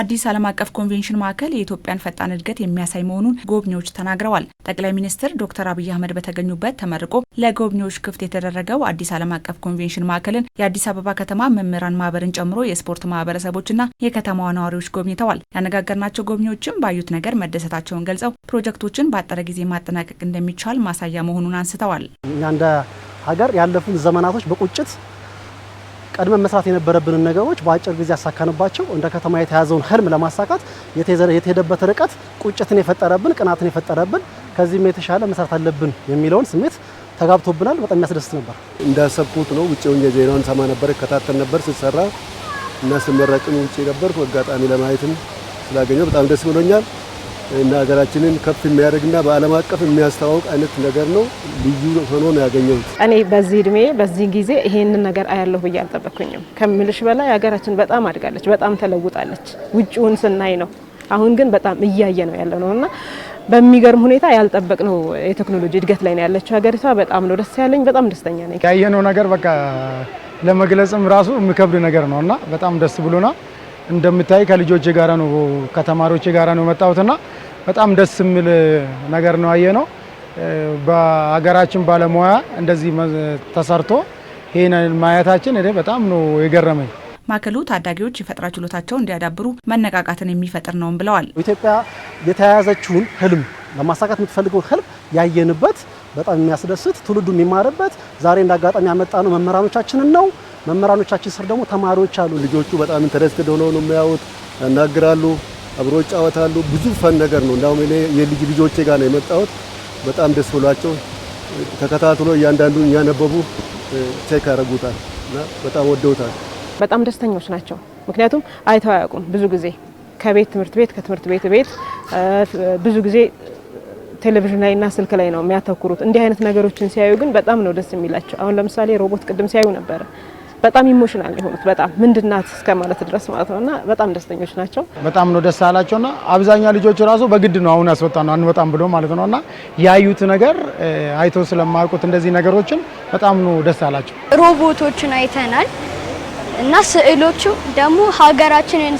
አዲስ ዓለም አቀፍ ኮንቬንሽን ማዕከል የኢትዮጵያን ፈጣን እድገት የሚያሳይ መሆኑን ጎብኚዎች ተናግረዋል። ጠቅላይ ሚኒስትር ዶክተር አብይ አህመድ በተገኙበት ተመርቆ ለጎብኚዎች ክፍት የተደረገው አዲስ ዓለም አቀፍ ኮንቬንሽን ማዕከልን የአዲስ አበባ ከተማ መምህራን ማህበርን ጨምሮ የስፖርት ማህበረሰቦችና የከተማዋ ነዋሪዎች ጎብኝተዋል። ያነጋገርናቸው ጎብኚዎችም ባዩት ነገር መደሰታቸውን ገልጸው ፕሮጀክቶችን በአጠረ ጊዜ ማጠናቀቅ እንደሚቻል ማሳያ መሆኑን አንስተዋል። እኛ እንደ ሀገር ያለፉን ዘመናቶች በቁጭት ቀድመን መስራት የነበረብንን ነገሮች በአጭር ጊዜ ያሳካንባቸው እንደ ከተማ የተያዘውን ህልም ለማሳካት የተሄደበት ርቀት ቁጭትን የፈጠረብን፣ ቅናትን የፈጠረብን ከዚህም የተሻለ መስራት አለብን የሚለውን ስሜት ተጋብቶብናል። በጣም የሚያስደስት ነበር። እንዳሰብኩት ነው። ውጭ ሆኜ ዜናውን ሰማ ነበር፣ እከታተል ነበር ስሰራ እና ስመረቅም ውጭ ነበር። አጋጣሚ ለማየትም ስላገኘው በጣም ደስ ብሎኛል። እና ሀገራችንን ከፍ የሚያደርግና በዓለም አቀፍ የሚያስተዋውቅ አይነት ነገር ነው። ልዩ ሆኖ ነው ያገኘሁት። እኔ በዚህ እድሜ በዚህ ጊዜ ይሄንን ነገር አያለሁ ብዬ አልጠበኩኝም። ከምልሽ በላይ ሀገራችን በጣም አድጋለች፣ በጣም ተለውጣለች። ውጭውን ስናይ ነው። አሁን ግን በጣም እያየ ነው ያለ ነው እና በሚገርም ሁኔታ ያልጠበቅ ነው የቴክኖሎጂ እድገት ላይ ነው ያለችው ሀገሪቷ። በጣም ነው ደስ ያለኝ። በጣም ደስተኛ ነኝ። ያየነው ነገር በቃ ለመግለጽም ራሱ የሚከብድ ነገር ነው እና በጣም ደስ ብሎናል። እንደምታይ ከልጆቼ ጋራ ነው ከተማሪዎቼ ጋራ ነው የመጣሁትና በጣም ደስ የሚል ነገር ነው አየ ነው። በሀገራችን ባለሙያ እንደዚህ ተሰርቶ ይሄንን ማየታችን እኔ በጣም ነው የገረመኝ። ማዕከሉ ታዳጊዎች የፈጠራ ችሎታቸው እንዲያዳብሩ መነቃቃትን የሚፈጥር ነውም ብለዋል። ኢትዮጵያ የተያያዘችውን ህልም ለማሳካት የምትፈልገውን ህልም ያየንበት በጣም የሚያስደስት ትውልዱ የሚማርበት ዛሬ እንዳጋጣሚ ያመጣ ነው መምህራኖቻችንን ነው መምህራኖቻችን ስር ደግሞ ተማሪዎች አሉ። ልጆቹ በጣም ኢንተረስትድ ሆነው ነው የሚያዩት፣ እናግራሉ፣ አብሮ ይጫወታሉ። ብዙ ፈን ነገር ነው። እንዳውም እኔ የልጅ ልጆቼ ጋር ነው የመጣሁት። በጣም ደስ ብሏቸው ተከታትሎ እያንዳንዱን እያነበቡ ቼክ ያደርጉታል እና በጣም ወደውታል። በጣም ደስተኞች ናቸው። ምክንያቱም አይተው አያውቁም። ብዙ ጊዜ ከቤት ትምህርት ቤት ከትምህርት ቤት ቤት ብዙ ጊዜ ቴሌቪዥን ላይ እና ስልክ ላይ ነው የሚያተኩሩት። እንዲህ አይነት ነገሮችን ሲያዩ ግን በጣም ነው ደስ የሚላቸው። አሁን ለምሳሌ ሮቦት ቅድም ሲያዩ ነበረ በጣም ኢሞሽናል የሆኑት በጣም ምንድናት እስከ ማለት ድረስ ማለት ነውና በጣም ደስተኞች ናቸው። በጣም ነው ደስ አላቸውና አብዛኛው ልጆች ራሱ በግድ ነው አሁን ያስወጣ ነው አንወጣም ብሎ ማለት ነውና ያዩት ነገር አይቶ ስለማያውቁት እንደዚህ ነገሮችን በጣም ነው ደስ አላቸው። ሮቦቶችን አይተናል እና ስዕሎቹ ደግሞ ሀገራችንን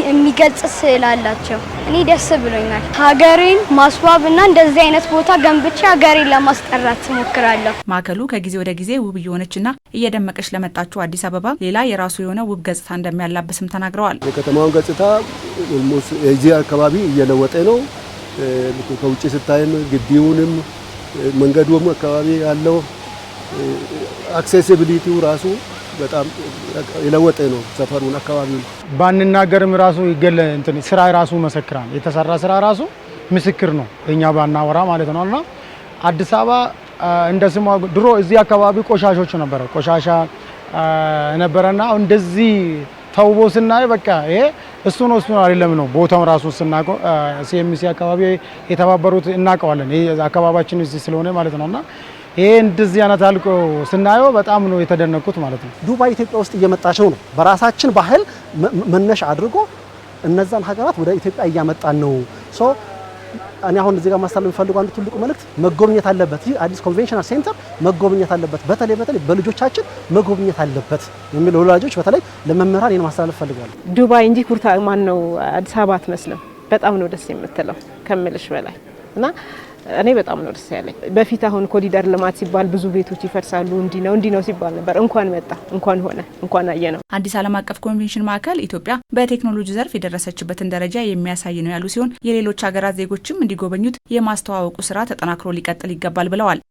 የሚገልጽ ስዕል አላቸው። እኔ ደስ ብሎኛል። ሀገሬን ማስዋብ እና እንደዚህ አይነት ቦታ ገንብቼ ሀገሬን ለማስጠራት እሞክራለሁ። ማዕከሉ ከጊዜ ወደ ጊዜ ውብ እየሆነችና እየደመቀች ለመጣችው አዲስ አበባ ሌላ የራሱ የሆነ ውብ ገጽታ እንደሚያላብስም ተናግረዋል። የከተማውን ገጽታ የዚህ አካባቢ እየለወጠ ነው። ከውጭ ስታይም ግቢውንም መንገዱም አካባቢ ያለው አክሴሲቢሊቲው ራሱ በጣም የለወጠ ነው ሰፈሩን፣ አካባቢውን። ባንናገርም ራሱ ይገለ እንትን ስራ ራሱ መሰክራል። የተሰራ ስራ ራሱ ምስክር ነው፣ እኛ ባናወራ ማለት ነው። እና አዲስ አበባ እንደ ስሟ ድሮ እዚህ አካባቢ ቆሻሾች ነበረ ቆሻሻ ነበረና እንደዚህ ተውቦ ስናይ በቃ ይሄ እሱን እሱን አይደለም ነው ቦታው ራሱ ስናውቀው ሲኤምሲ አካባቢ የተባበሩት እናውቀዋለን። ይሄ አካባቢያችን እዚህ ስለሆነ ማለት ነውና ይሄ እንደዚህ አይነት አልቆ ስናየው በጣም ነው የተደነቁት ማለት ነው። ዱባይ ኢትዮጵያ ውስጥ እየመጣቸው ነው። በራሳችን ባህል መነሻ አድርጎ እነዛን ሀገራት ወደ ኢትዮጵያ እያመጣን ነው። እኔ አሁን እዚህ ጋር ማስተላለፍ የምፈልገው አንዱ ትልቁ መልእክት መጎብኘት አለበት። ይህ አዲስ ኮንቬንሽናል ሴንተር መጎብኘት አለበት፣ በተለይ በተለይ በልጆቻችን መጎብኘት አለበት የሚል ወላጆች፣ በተለይ ለመምህራን ይህን ማስተላለፍ ፈልጋለሁ። ዱባይ እንጂ ኩርታ ማን ነው አዲስ አበባ አትመስልም። በጣም ነው ደስ የምትለው ከምልሽ በላይ እና እኔ በጣም ነው ደስ ያለኝ። በፊት አሁን ኮሪደር ልማት ሲባል ብዙ ቤቶች ይፈርሳሉ፣ እንዲህ ነው እንዲህ ነው ሲባል ነበር። እንኳን መጣ፣ እንኳን ሆነ፣ እንኳን አየ ነው። አዲስ ዓለም አቀፍ ኮንቬንሽን ማዕከል ኢትዮጵያ በቴክኖሎጂ ዘርፍ የደረሰችበትን ደረጃ የሚያሳይ ነው ያሉ ሲሆን የሌሎች ሀገራት ዜጎችም እንዲጎበኙት የማስተዋወቁ ስራ ተጠናክሮ ሊቀጥል ይገባል ብለዋል።